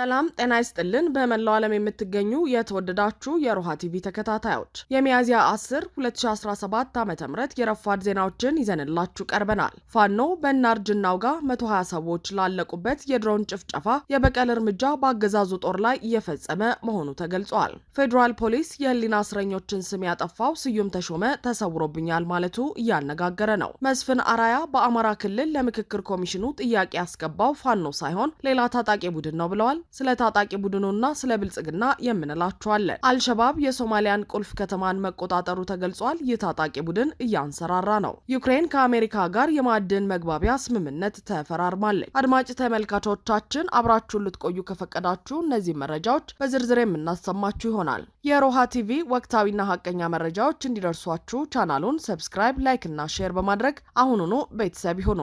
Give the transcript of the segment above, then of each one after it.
ሰላም ጤና ይስጥልን። በመላው ዓለም የምትገኙ የተወደዳችሁ የሮሃ ቲቪ ተከታታዮች የሚያዝያ 10 2017 ዓ ም የረፋድ ዜናዎችን ይዘንላችሁ ቀርበናል። ፋኖ በእናርጅ ጋር 120 ሰዎች ላለቁበት የድሮን ጭፍጨፋ የበቀል እርምጃ በአገዛዙ ጦር ላይ እየፈጸመ መሆኑ ተገልጿል። ፌዴራል ፖሊስ የህሊና እስረኞችን ስም ያጠፋው ስዩም ተሾመ ተሰውሮብኛል ማለቱ እያነጋገረ ነው። መስፍን አራያ በአማራ ክልል ለምክክር ኮሚሽኑ ጥያቄ ያስገባው ፋኖ ሳይሆን ሌላ ታጣቂ ቡድን ነው ብለዋል። ስለ ታጣቂ ቡድኑና ስለ ብልጽግና የምንላቸዋለን። አልሸባብ የሶማሊያን ቁልፍ ከተማን መቆጣጠሩ ተገልጿል። ይህ ታጣቂ ቡድን እያንሰራራ ነው። ዩክሬን ከአሜሪካ ጋር የማዕድን መግባቢያ ስምምነት ተፈራርማለች። አድማጭ ተመልካቾቻችን አብራችሁን ልትቆዩ ከፈቀዳችሁ እነዚህ መረጃዎች በዝርዝር የምናሰማችሁ ይሆናል። የሮሃ ቲቪ ወቅታዊና ሀቀኛ መረጃዎች እንዲደርሷችሁ ቻናሉን ሰብስክራይብ፣ ላይክ እና ሼር በማድረግ አሁኑኑ ቤተሰብ ይሁኑ።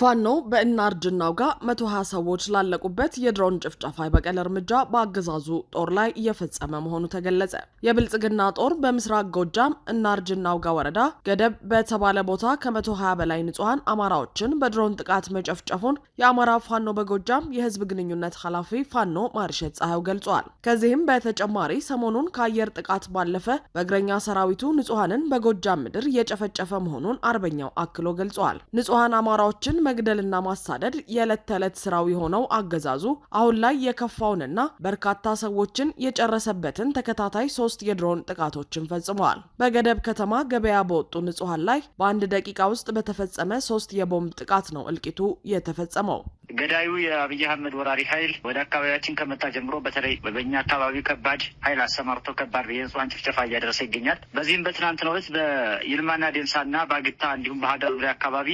ፋኖ በእናርጅናው ጋር መቶ ሀያ ሰዎች ላለቁበት የድሮን ጭፍጨፋ የበቀል እርምጃ በአገዛዙ ጦር ላይ እየፈጸመ መሆኑ ተገለጸ። የብልጽግና ጦር በምስራቅ ጎጃም እናርጅናው ጋር ወረዳ ገደብ በተባለ ቦታ ከ120 በላይ ንጹሐን አማራዎችን በድሮን ጥቃት መጨፍጨፉን የአማራ ፋኖ በጎጃም የህዝብ ግንኙነት ኃላፊ ፋኖ ማርሸት ፀሐዩ ገልጿል። ከዚህም በተጨማሪ ሰሞኑን ከአየር ጥቃት ባለፈ በእግረኛ ሰራዊቱ ንጹሐንን በጎጃም ምድር እየጨፈጨፈ መሆኑን አርበኛው አክሎ ገልጿል። ንጹሐን አማራዎችን መግደልና ማሳደድ የዕለት ተዕለት ስራው የሆነው አገዛዙ አሁን ላይ የከፋውንና በርካታ ሰዎችን የጨረሰበትን ተከታታይ ሶስት የድሮን ጥቃቶችን ፈጽመዋል። በገደብ ከተማ ገበያ በወጡ ንጹሐን ላይ በአንድ ደቂቃ ውስጥ በተፈጸመ ሶስት የቦምብ ጥቃት ነው እልቂቱ የተፈጸመው። ገዳዩ የአብይ አህመድ ወራሪ ኃይል ወደ አካባቢያችን ከመጣ ጀምሮ በተለይ በኛ አካባቢ ከባድ ኃይል አሰማርቶ ከባድ የንጹሐን ጭፍጨፋ እያደረሰ ይገኛል። በዚህም በትናንትናው ዕለት በይልማና ዴንሳና በአግታ እንዲሁም በሀገር ዙሪያ አካባቢ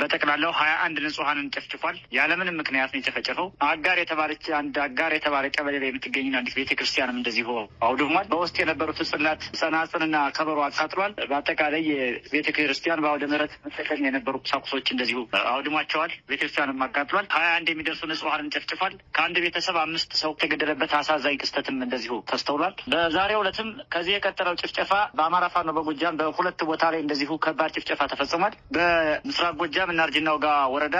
በጠቅላላው ሀያ ሀያ አንድ ንጹሀንን ጨፍጭፏል። ያለምንም ምክንያት ነው የጨፈጨፈው። አጋር የተባለች አንድ አጋር የተባለ ቀበሌ ላይ የምትገኝ አዲስ ቤተክርስቲያንም እንደዚሁ አውድሟል። በውስጥ የነበሩት ጽላት፣ ጸናጽንና ከበሮ አቃጥሏል። በአጠቃላይ የቤተ ክርስቲያን በአውደ ምሕረት መጠቀም የነበሩ ቁሳቁሶች እንደዚሁ አውድሟቸዋል። ቤተክርስቲያንም አቃጥሏል። ሀያ አንድ የሚደርሱ ንጹሀንን ጨፍጭፏል። ከአንድ ቤተሰብ አምስት ሰው የተገደለበት አሳዛኝ ክስተትም እንደዚሁ ተስተውሏል። በዛሬው ዕለትም ከዚህ የቀጠለው ጭፍጨፋ በአማራ ፋኖ በጎጃም በሁለት ቦታ ላይ እንደዚሁ ከባድ ጭፍጨፋ ተፈጽሟል። በምስራቅ ጎጃም እናርጅናው ጋር ወረዳ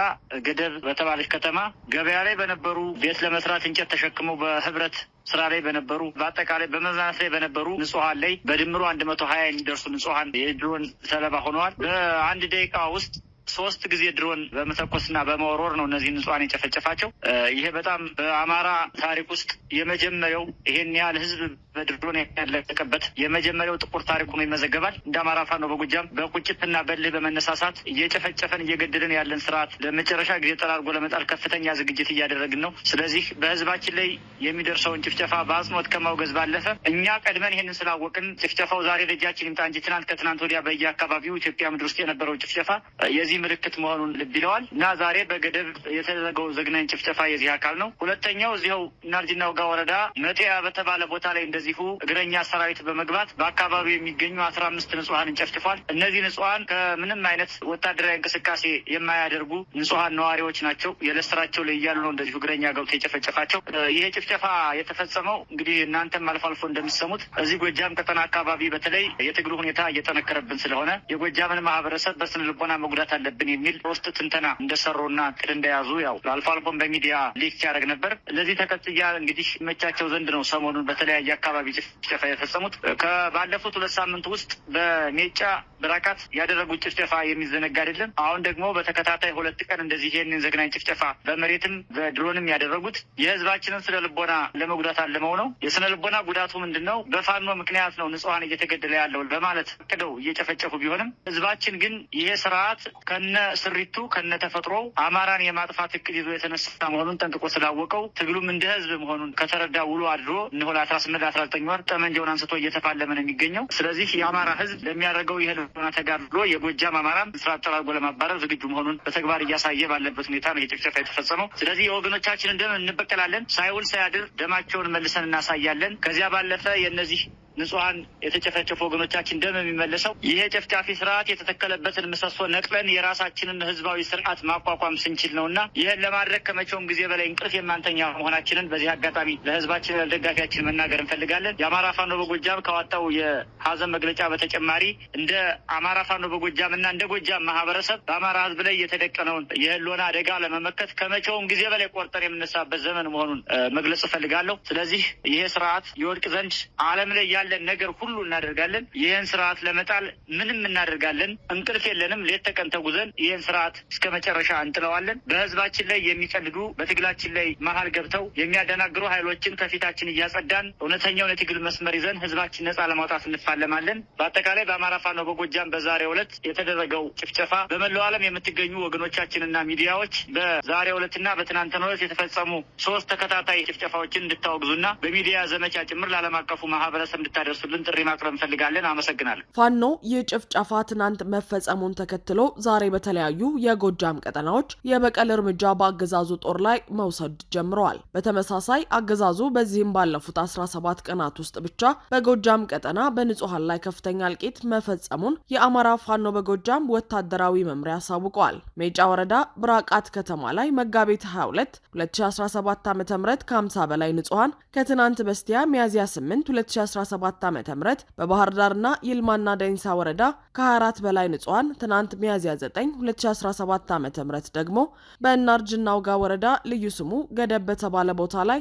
ገደብ በተባለች ከተማ ገበያ ላይ በነበሩ ቤት ለመስራት እንጨት ተሸክመው በህብረት ስራ ላይ በነበሩ በአጠቃላይ በመዝናናት ላይ በነበሩ ንጹሀን ላይ በድምሩ አንድ መቶ ሀያ የሚደርሱ ንጹሀን የድሮን ሰለባ ሆነዋል። በአንድ ደቂቃ ውስጥ ሶስት ጊዜ ድሮን በመተኮስና በመወርወር ነው እነዚህ ንጹሐን የጨፈጨፋቸው። ይሄ በጣም በአማራ ታሪክ ውስጥ የመጀመሪያው ይሄን ያህል ህዝብ በድሮን ያለቀበት የመጀመሪያው ጥቁር ታሪክ ሆኖ ይመዘገባል። እንደ አማራ ፋኖ በጎጃም በቁጭትና በልህ በመነሳሳት እየጨፈጨፈን እየገደልን ያለን ስርዓት ለመጨረሻ ጊዜ ጠራርጎ ለመጣል ከፍተኛ ዝግጅት እያደረግን ነው። ስለዚህ በህዝባችን ላይ የሚደርሰውን ጭፍጨፋ በአጽንኦት ከማውገዝ ባለፈ እኛ ቀድመን ይህንን ስላወቅን ጭፍጨፋው ዛሬ ደጃችን ይምጣ እንጂ ትናንት ከትናንት ወዲያ በየአካባቢው ኢትዮጵያ ምድር ውስጥ የነበረው ጭፍጨፋ የዚህ የዚህ ምልክት መሆኑን ልብ ይለዋል እና ዛሬ በገደብ የተደረገው ዘግናኝ ጭፍጨፋ የዚህ አካል ነው። ሁለተኛው እዚው ናርጅና ውጋ ወረዳ መጤያ በተባለ ቦታ ላይ እንደዚሁ እግረኛ ሰራዊት በመግባት በአካባቢው የሚገኙ አስራ አምስት ንጹሀንን ጨፍጭፏል። እነዚህ ንጹሀን ከምንም አይነት ወታደራዊ እንቅስቃሴ የማያደርጉ ንጹሀን ነዋሪዎች ናቸው። የዕለት ስራቸው ላይ እያሉ ነው እንደዚሁ እግረኛ ገብቶ የጨፈጨፋቸው። ይሄ ጭፍጨፋ የተፈጸመው እንግዲህ እናንተም አልፎ አልፎ እንደሚሰሙት እዚህ ጎጃም ቀጠና አካባቢ በተለይ የትግሉ ሁኔታ እየጠነከረብን ስለሆነ የጎጃምን ማህበረሰብ በስነ ልቦና መጉዳት አለ አለብን የሚል ውስጥ ትንተና እንደሰሩና እቅድ እንደያዙ ያው አልፎ አልፎም በሚዲያ ሊክ ያደረግ ነበር። ለዚህ ተከትያ እንግዲህ መቻቸው ዘንድ ነው ሰሞኑን በተለያየ አካባቢ ጭፍጨፋ የፈጸሙት። ከባለፉት ሁለት ሳምንት ውስጥ በሜጫ ብራካት ያደረጉት ጭፍጨፋ የሚዘነጋ አይደለም። አሁን ደግሞ በተከታታይ ሁለት ቀን እንደዚህ ይህንን ዘግናኝ ጭፍጨፋ በመሬትም በድሮንም ያደረጉት የህዝባችንን ስነ ልቦና ለመጉዳት አለመው ነው። የስነ ልቦና ጉዳቱ ምንድን ነው? በፋኖ ምክንያት ነው ንጹሐን እየተገደለ ያለው በማለት ቅደው እየጨፈጨፉ ቢሆንም ህዝባችን ግን ይሄ ስርዓት ከ ከነ ስሪቱ ከነ ተፈጥሮው አማራን የማጥፋት እቅድ ይዞ የተነሳ መሆኑን ጠንቅቆ ስላወቀው ትግሉም እንደ ህዝብ መሆኑን ከተረዳ ውሎ አድሮ እነሆን አስራ ስምንት አስራ ዘጠኝ ወር ጠመንጃውን አንስቶ እየተፋለመ ነው የሚገኘው። ስለዚህ የአማራ ህዝብ ለሚያደርገው የህልውና ተጋድሎ የጎጃም አማራን ስራ ጠራርጎ ለማባረር ዝግጁ መሆኑን በተግባር እያሳየ ባለበት ሁኔታ ነው ጭፍጨፋ የተፈጸመው። ስለዚህ የወገኖቻችን ደም እንበቀላለን። ሳይውል ሳያድር ደማቸውን መልሰን እናሳያለን። ከዚያ ባለፈ የእነዚህ ንጹሐን የተጨፈጨፉ ወገኖቻችን ደም የሚመለሰው ይሄ ጨፍጫፊ ስርዓት የተተከለበትን ምሰሶ ነቅለን የራሳችንን ህዝባዊ ስርዓት ማቋቋም ስንችል ነው እና ይህን ለማድረግ ከመቼውም ጊዜ በላይ እንቅልፍ የማንተኛ መሆናችንን በዚህ አጋጣሚ ለህዝባችን ለደጋፊያችን መናገር እንፈልጋለን። የአማራ ፋኖ በጎጃም ካወጣው የሀዘን መግለጫ በተጨማሪ እንደ አማራ ፋኖ በጎጃም እና እንደ ጎጃም ማህበረሰብ በአማራ ህዝብ ላይ የተደቀነውን የህልውና አደጋ ለመመከት ከመቼውም ጊዜ በላይ ቆርጠን የምነሳበት ዘመን መሆኑን መግለጽ እፈልጋለሁ። ስለዚህ ይሄ ስርዓት ይወድቅ ዘንድ አለም ላይ ያለ ባለን ነገር ሁሉ እናደርጋለን። ይህን ስርዓት ለመጣል ምንም እናደርጋለን። እንቅልፍ የለንም። ሌት ተቀን ተጉዘን ይህን ስርዓት እስከ መጨረሻ እንጥለዋለን። በህዝባችን ላይ የሚቀልዱ በትግላችን ላይ መሀል ገብተው የሚያደናግሩ ኃይሎችን ከፊታችን እያጸዳን እውነተኛውን የትግል መስመር ይዘን ህዝባችን ነጻ ለማውጣት እንፋለማለን። በአጠቃላይ በአማራ ፋኖ በጎጃም በዛሬው ዕለት የተደረገው ጭፍጨፋ በመላው ዓለም የምትገኙ ወገኖቻችንና ሚዲያዎች በዛሬው ዕለትና በትናንትናው ዕለት የተፈጸሙ ሶስት ተከታታይ ጭፍጨፋዎችን እንድታወግዙና በሚዲያ ዘመቻ ጭምር ለዓለም አቀፉ ማህበረሰብ እንድታደርሱልን ጥሪ ማቅረብ እንፈልጋለን። አመሰግናለሁ። ፋኖ ይህ ጭፍጨፋ ትናንት መፈጸሙን ተከትሎ ዛሬ በተለያዩ የጎጃም ቀጠናዎች የበቀል እርምጃ በአገዛዙ ጦር ላይ መውሰድ ጀምረዋል። በተመሳሳይ አገዛዙ በዚህም ባለፉት 17 ቀናት ውስጥ ብቻ በጎጃም ቀጠና በንጹሐን ላይ ከፍተኛ እልቂት መፈጸሙን የአማራ ፋኖ በጎጃም ወታደራዊ መምሪያ አሳውቀዋል። ሜጫ ወረዳ ብራቃት ከተማ ላይ መጋቢት 22 2017 ዓ ም ከ50 በላይ ንጹሐን ከትናንት በስቲያ ሚያዝያ 8 2017 2017 ዓ ም በባህር ዳርና ይልማና ዳይንሳ ወረዳ ከ24 በላይ ንጹሐን ትናንት ሚያዝያ 9 2017 ዓ ም ደግሞ በእናርጅናውጋ ውጋ ወረዳ ልዩ ስሙ ገደብ በተባለ ቦታ ላይ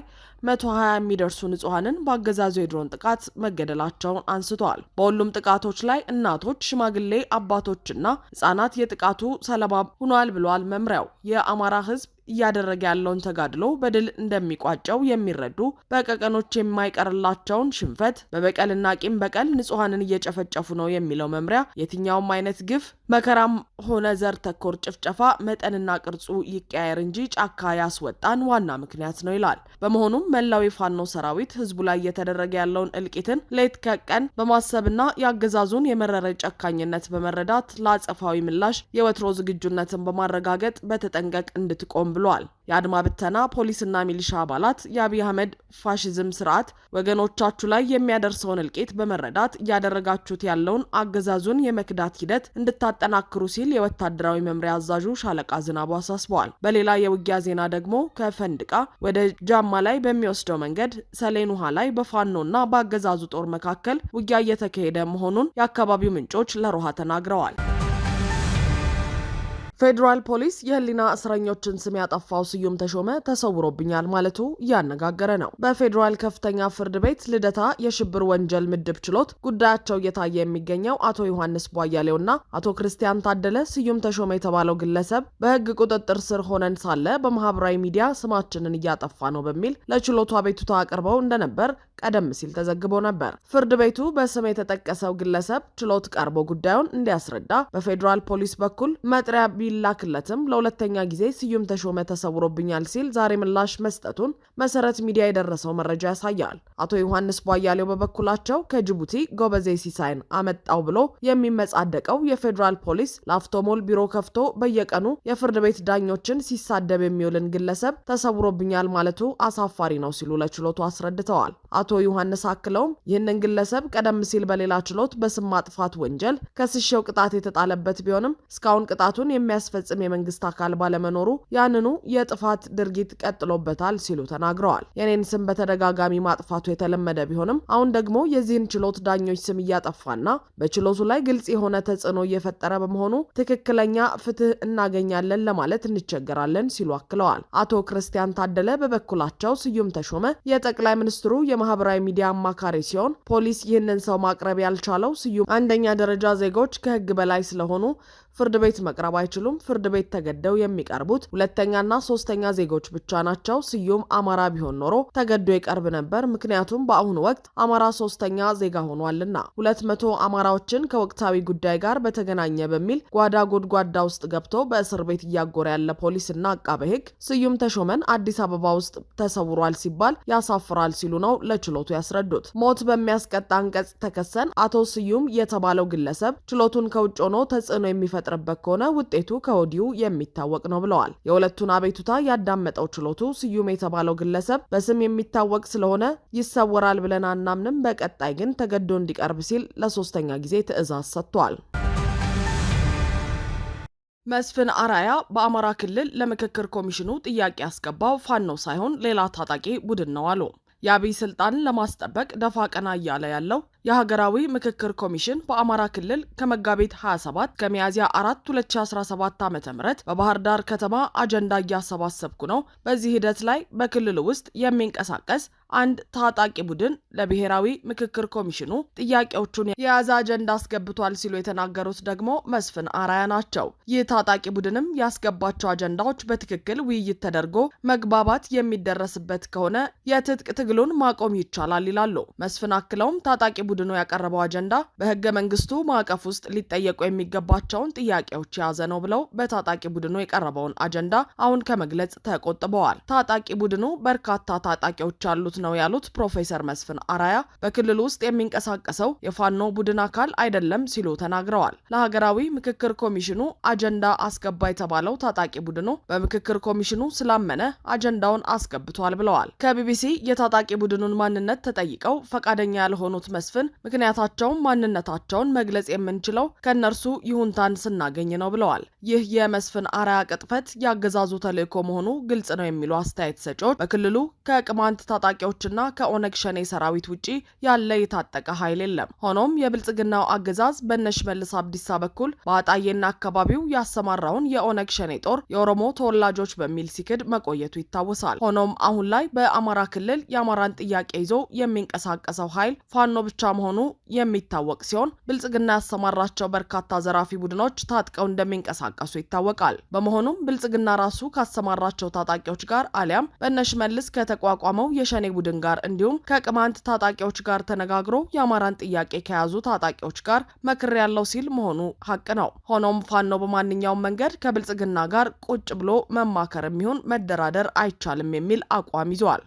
120 የሚደርሱ ንጹሐንን በአገዛዙ የድሮን ጥቃት መገደላቸውን አንስተዋል። በሁሉም ጥቃቶች ላይ እናቶች፣ ሽማግሌ አባቶችና ህጻናት የጥቃቱ ሰለባ ሆኗል ብለዋል መምሪያው። የአማራ ህዝብ እያደረገ ያለውን ተጋድሎ በድል እንደሚቋጨው የሚረዱ በቀቀኖች የማይቀርላቸውን ሽንፈት በበቀልና ቂም በቀል ንጹሐንን እየጨፈጨፉ ነው የሚለው መምሪያ የትኛውም አይነት ግፍ መከራም ሆነ ዘር ተኮር ጭፍጨፋ መጠንና ቅርጹ ይቀያየር እንጂ ጫካ ያስወጣን ዋና ምክንያት ነው ይላል። በመሆኑም መላው የፋኖ ሰራዊት ህዝቡ ላይ እየተደረገ ያለውን እልቂትን ሌት ከቀን በማሰብና የአገዛዙን የመረረ ጨካኝነት በመረዳት ለአጸፋዊ ምላሽ የወትሮ ዝግጁነትን በማረጋገጥ በተጠንቀቅ እንድትቆም ብሏል። የአድማ ብተና ፖሊስና ሚሊሻ አባላት የአብይ አህመድ ፋሽዝም ስርዓት ወገኖቻችሁ ላይ የሚያደርሰውን እልቂት በመረዳት እያደረጋችሁት ያለውን አገዛዙን የመክዳት ሂደት እንድታጠናክሩ ሲል የወታደራዊ መምሪያ አዛዡ ሻለቃ ዝናቡ አሳስበዋል። በሌላ የውጊያ ዜና ደግሞ ከፈንድቃ ወደ ጃማ ላይ በሚ የሚወስደው መንገድ ሰሌን ውሃ ላይ በፋኖና በአገዛዙ ጦር መካከል ውጊያ እየተካሄደ መሆኑን የአካባቢው ምንጮች ለሮሃ ተናግረዋል። ፌዴራል ፖሊስ የህሊና እስረኞችን ስም ያጠፋው ስዩም ተሾመ ተሰውሮብኛል ማለቱ እያነጋገረ ነው። በፌዴራል ከፍተኛ ፍርድ ቤት ልደታ የሽብር ወንጀል ምድብ ችሎት ጉዳያቸው እየታየ የሚገኘው አቶ ዮሐንስ ቧያሌው እና አቶ ክርስቲያን ታደለ ስዩም ተሾመ የተባለው ግለሰብ በህግ ቁጥጥር ስር ሆነን ሳለ በማህበራዊ ሚዲያ ስማችንን እያጠፋ ነው በሚል ለችሎቱ አቤቱታ አቅርበው እንደነበር ቀደም ሲል ተዘግቦ ነበር። ፍርድ ቤቱ በስም የተጠቀሰው ግለሰብ ችሎት ቀርቦ ጉዳዩን እንዲያስረዳ በፌዴራል ፖሊስ በኩል መጥሪያ ቢላክለትም ለሁለተኛ ጊዜ ስዩም ተሾመ ተሰውሮብኛል ሲል ዛሬ ምላሽ መስጠቱን መሰረት ሚዲያ የደረሰው መረጃ ያሳያል። አቶ ዮሐንስ ቧያሌው በበኩላቸው ከጅቡቲ ጎበዜ ሲሳይን አመጣው ብሎ የሚመጻደቀው የፌዴራል ፖሊስ ላፍቶሞል ቢሮ ከፍቶ በየቀኑ የፍርድ ቤት ዳኞችን ሲሳደብ የሚውልን ግለሰብ ተሰውሮብኛል ማለቱ አሳፋሪ ነው ሲሉ ለችሎቱ አስረድተዋል። አቶ ዮሐንስ አክለውም ይህንን ግለሰብ ቀደም ሲል በሌላ ችሎት በስም ማጥፋት ወንጀል ከስሸው ቅጣት የተጣለበት ቢሆንም እስካሁን ቅጣቱን የሚያ የሚያስፈጽም የመንግስት አካል ባለመኖሩ ያንኑ የጥፋት ድርጊት ቀጥሎበታል ሲሉ ተናግረዋል። የኔን ስም በተደጋጋሚ ማጥፋቱ የተለመደ ቢሆንም አሁን ደግሞ የዚህን ችሎት ዳኞች ስም እያጠፋና በችሎቱ ላይ ግልጽ የሆነ ተጽዕኖ እየፈጠረ በመሆኑ ትክክለኛ ፍትህ እናገኛለን ለማለት እንቸገራለን ሲሉ አክለዋል። አቶ ክርስቲያን ታደለ በበኩላቸው ስዩም ተሾመ የጠቅላይ ሚኒስትሩ የማህበራዊ ሚዲያ አማካሪ ሲሆን ፖሊስ ይህንን ሰው ማቅረብ ያልቻለው ስዩም አንደኛ ደረጃ ዜጎች ከህግ በላይ ስለሆኑ ፍርድ ቤት መቅረብ አይችሉም። ፍርድ ቤት ተገደው የሚቀርቡት ሁለተኛና ሶስተኛ ዜጎች ብቻ ናቸው። ስዩም አማራ ቢሆን ኖሮ ተገዶ ይቀርብ ነበር። ምክንያቱም በአሁኑ ወቅት አማራ ሶስተኛ ዜጋ ሆኗልና ሁለት መቶ አማራዎችን ከወቅታዊ ጉዳይ ጋር በተገናኘ በሚል ጓዳ ጎድጓዳ ውስጥ ገብቶ በእስር ቤት እያጎረ ያለ ፖሊስና አቃቤ ሕግ ስዩም ተሾመን አዲስ አበባ ውስጥ ተሰውሯል ሲባል ያሳፍራል ሲሉ ነው ለችሎቱ ያስረዱት። ሞት በሚያስቀጣ አንቀጽ ተከሰን አቶ ስዩም የተባለው ግለሰብ ችሎቱን ከውጭ ሆኖ ተጽዕኖ የሚፈ የሚፈጥርበት ከሆነ ውጤቱ ከወዲሁ የሚታወቅ ነው ብለዋል። የሁለቱን አቤቱታ ያዳመጠው ችሎቱ ስዩም የተባለው ግለሰብ በስም የሚታወቅ ስለሆነ ይሰወራል ብለን አናምንም፣ በቀጣይ ግን ተገዶ እንዲቀርብ ሲል ለሶስተኛ ጊዜ ትዕዛዝ ሰጥቷል። መስፍን አራያ በአማራ ክልል ለምክክር ኮሚሽኑ ጥያቄ ያስገባው ፋኖ ሳይሆን ሌላ ታጣቂ ቡድን ነው አሉ። የአብይ ስልጣን ለማስጠበቅ ደፋ ቀና እያለ ያለው የሀገራዊ ምክክር ኮሚሽን በአማራ ክልል ከመጋቢት 27 ከሚያዝያ 4 2017 ዓ ም በባህር ዳር ከተማ አጀንዳ እያሰባሰብኩ ነው። በዚህ ሂደት ላይ በክልሉ ውስጥ የሚንቀሳቀስ አንድ ታጣቂ ቡድን ለብሔራዊ ምክክር ኮሚሽኑ ጥያቄዎቹን የያዘ አጀንዳ አስገብቷል ሲሉ የተናገሩት ደግሞ መስፍን አራያ ናቸው። ይህ ታጣቂ ቡድንም ያስገባቸው አጀንዳዎች በትክክል ውይይት ተደርጎ መግባባት የሚደረስበት ከሆነ የትጥቅ ትግሉን ማቆም ይቻላል ይላሉ። መስፍን አክለውም ታጣቂ ቡድኑ ያቀረበው አጀንዳ በህገ መንግስቱ ማዕቀፍ ውስጥ ሊጠየቁ የሚገባቸውን ጥያቄዎች የያዘ ነው ብለው በታጣቂ ቡድኑ የቀረበውን አጀንዳ አሁን ከመግለጽ ተቆጥበዋል። ታጣቂ ቡድኑ በርካታ ታጣቂዎች አሉት እየሰጡት ነው ያሉት ፕሮፌሰር መስፍን አራያ በክልል ውስጥ የሚንቀሳቀሰው የፋኖ ቡድን አካል አይደለም ሲሉ ተናግረዋል። ለሀገራዊ ምክክር ኮሚሽኑ አጀንዳ አስገባ የተባለው ታጣቂ ቡድኑ በምክክር ኮሚሽኑ ስላመነ አጀንዳውን አስገብቷል ብለዋል። ከቢቢሲ የታጣቂ ቡድኑን ማንነት ተጠይቀው ፈቃደኛ ያልሆኑት መስፍን ምክንያታቸውን ማንነታቸውን መግለጽ የምንችለው ከእነርሱ ይሁንታን ስናገኝ ነው ብለዋል። ይህ የመስፍን አራያ ቅጥፈት ያገዛዙ ተልእኮ መሆኑ ግልጽ ነው የሚሉ አስተያየት ሰጪዎች በክልሉ ከቅማንት ታጣቂ ታጣቂዎችና ከኦነግ ሸኔ ሰራዊት ውጭ ያለ የታጠቀ ኃይል የለም። ሆኖም የብልጽግናው አገዛዝ በነሽመልስ አብዲሳ በኩል በአጣዬና አካባቢው ያሰማራውን የኦነግ ሸኔ ጦር የኦሮሞ ተወላጆች በሚል ሲክድ መቆየቱ ይታወሳል። ሆኖም አሁን ላይ በአማራ ክልል የአማራን ጥያቄ ይዞ የሚንቀሳቀሰው ኃይል ፋኖ ብቻ መሆኑ የሚታወቅ ሲሆን ብልጽግና ያሰማራቸው በርካታ ዘራፊ ቡድኖች ታጥቀው እንደሚንቀሳቀሱ ይታወቃል። በመሆኑም ብልጽግና ራሱ ካሰማራቸው ታጣቂዎች ጋር አሊያም በነሽመልስ ከተቋቋመው የሸኔ ቡድን ጋር እንዲሁም ከቅማንት ታጣቂዎች ጋር ተነጋግሮ የአማራን ጥያቄ ከያዙ ታጣቂዎች ጋር መክር ያለው ሲል መሆኑ ሀቅ ነው። ሆኖም ፋኖ በማንኛውም መንገድ ከብልጽግና ጋር ቁጭ ብሎ መማከር የሚሆን መደራደር አይቻልም የሚል አቋም ይዘዋል።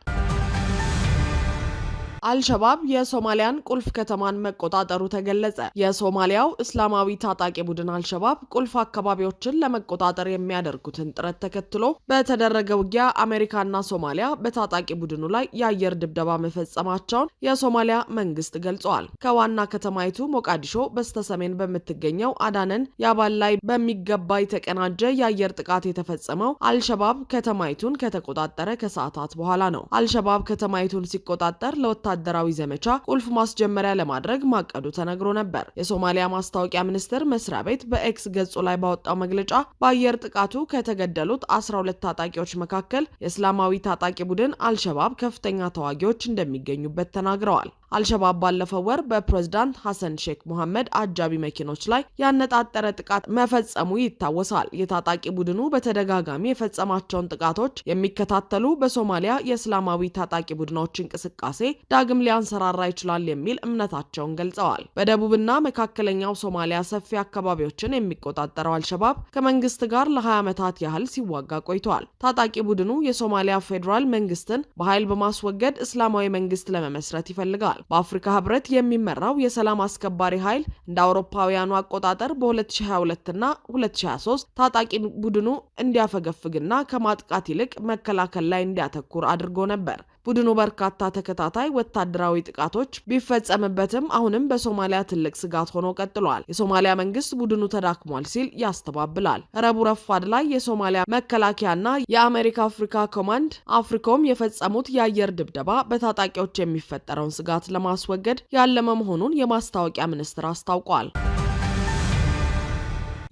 አልሸባብ የሶማሊያን ቁልፍ ከተማን መቆጣጠሩ ተገለጸ። የሶማሊያው እስላማዊ ታጣቂ ቡድን አልሸባብ ቁልፍ አካባቢዎችን ለመቆጣጠር የሚያደርጉትን ጥረት ተከትሎ በተደረገ ውጊያ አሜሪካና ሶማሊያ በታጣቂ ቡድኑ ላይ የአየር ድብደባ መፈጸማቸውን የሶማሊያ መንግስት ገልጸዋል። ከዋና ከተማይቱ ሞቃዲሾ በስተሰሜን በምትገኘው አዳነን ያባል ላይ በሚገባ የተቀናጀ የአየር ጥቃት የተፈጸመው አልሸባብ ከተማይቱን ከተቆጣጠረ ከሰዓታት በኋላ ነው። አልሸባብ ከተማይቱን ሲቆጣጠር ለወታ ወታደራዊ ዘመቻ ቁልፍ ማስጀመሪያ ለማድረግ ማቀዱ ተነግሮ ነበር። የሶማሊያ ማስታወቂያ ሚኒስቴር መስሪያ ቤት በኤክስ ገጹ ላይ ባወጣው መግለጫ በአየር ጥቃቱ ከተገደሉት 12 ታጣቂዎች መካከል የእስላማዊ ታጣቂ ቡድን አልሸባብ ከፍተኛ ተዋጊዎች እንደሚገኙበት ተናግረዋል። አልሸባብ ባለፈው ወር በፕሬዝዳንት ሐሰን ሼክ ሙሐመድ አጃቢ መኪኖች ላይ ያነጣጠረ ጥቃት መፈጸሙ ይታወሳል። የታጣቂ ቡድኑ በተደጋጋሚ የፈጸማቸውን ጥቃቶች የሚከታተሉ በሶማሊያ የእስላማዊ ታጣቂ ቡድኖች እንቅስቃሴ ዳግም ሊያንሰራራ ይችላል የሚል እምነታቸውን ገልጸዋል። በደቡብና መካከለኛው ሶማሊያ ሰፊ አካባቢዎችን የሚቆጣጠረው አልሸባብ ከመንግስት ጋር ለ20 ዓመታት ያህል ሲዋጋ ቆይተዋል። ታጣቂ ቡድኑ የሶማሊያ ፌዴራል መንግስትን በኃይል በማስወገድ እስላማዊ መንግስት ለመመስረት ይፈልጋል። ተገልጿል። በአፍሪካ ህብረት የሚመራው የሰላም አስከባሪ ኃይል እንደ አውሮፓውያኑ አቆጣጠር በ2022 እና 2023 ታጣቂ ቡድኑ እንዲያፈገፍግና ከማጥቃት ይልቅ መከላከል ላይ እንዲያተኩር አድርጎ ነበር። ቡድኑ በርካታ ተከታታይ ወታደራዊ ጥቃቶች ቢፈጸምበትም አሁንም በሶማሊያ ትልቅ ስጋት ሆኖ ቀጥሏል። የሶማሊያ መንግስት ቡድኑ ተዳክሟል ሲል ያስተባብላል። ረቡዕ ረፋድ ላይ የሶማሊያ መከላከያና የአሜሪካ አፍሪካ ኮማንድ አፍሪኮም የፈጸሙት የአየር ድብደባ በታጣቂዎች የሚፈጠረውን ስጋት ለማስወገድ ያለመ መሆኑን የማስታወቂያ ሚኒስትር አስታውቋል።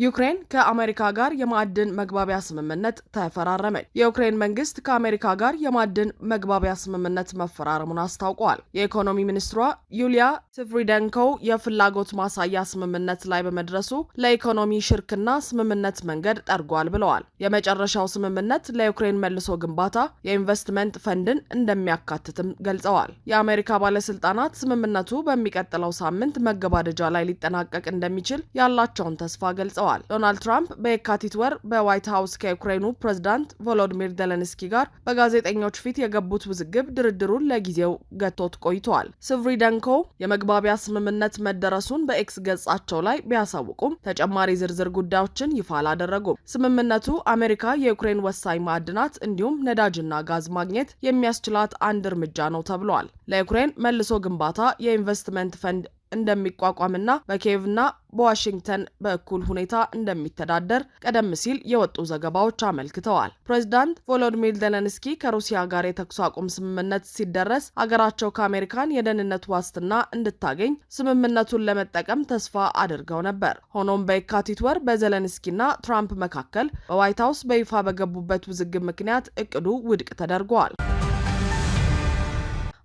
ዩክሬን ከአሜሪካ ጋር የማዕድን መግባቢያ ስምምነት ተፈራረመች። የዩክሬን መንግስት ከአሜሪካ ጋር የማዕድን መግባቢያ ስምምነት መፈራረሙን አስታውቋል። የኢኮኖሚ ሚኒስትሯ ዩሊያ ስፍሪደንኮ የፍላጎት ማሳያ ስምምነት ላይ በመድረሱ ለኢኮኖሚ ሽርክና ስምምነት መንገድ ጠርጓል ብለዋል። የመጨረሻው ስምምነት ለዩክሬን መልሶ ግንባታ የኢንቨስትመንት ፈንድን እንደሚያካትትም ገልጸዋል። የአሜሪካ ባለስልጣናት ስምምነቱ በሚቀጥለው ሳምንት መገባደጃ ላይ ሊጠናቀቅ እንደሚችል ያላቸውን ተስፋ ገልጸዋል። ገልጸዋል። ዶናልድ ትራምፕ በየካቲት ወር በዋይት ሀውስ ከዩክሬኑ ፕሬዚዳንት ቮሎዲሚር ዘለንስኪ ጋር በጋዜጠኞች ፊት የገቡት ውዝግብ ድርድሩን ለጊዜው ገቶት ቆይተዋል። ስቭሪ ደንኮ የመግባቢያ ስምምነት መደረሱን በኤክስ ገጻቸው ላይ ቢያሳውቁም ተጨማሪ ዝርዝር ጉዳዮችን ይፋ አላደረጉም። ስምምነቱ አሜሪካ የዩክሬን ወሳኝ ማዕድናት እንዲሁም ነዳጅና ጋዝ ማግኘት የሚያስችላት አንድ እርምጃ ነው ተብሏል። ለዩክሬን መልሶ ግንባታ የኢንቨስትመንት ፈንድ እንደሚቋቋምና በኪየቭና በዋሽንግተን በእኩል ሁኔታ እንደሚተዳደር ቀደም ሲል የወጡ ዘገባዎች አመልክተዋል። ፕሬዚዳንት ቮሎዲሚር ዘለንስኪ ከሩሲያ ጋር የተኩስ አቁም ስምምነት ሲደረስ አገራቸው ከአሜሪካን የደህንነት ዋስትና እንድታገኝ ስምምነቱን ለመጠቀም ተስፋ አድርገው ነበር። ሆኖም በየካቲት ወር በዜሌንስኪና ትራምፕ መካከል በዋይት ሀውስ በይፋ በገቡበት ውዝግብ ምክንያት እቅዱ ውድቅ ተደርጓል።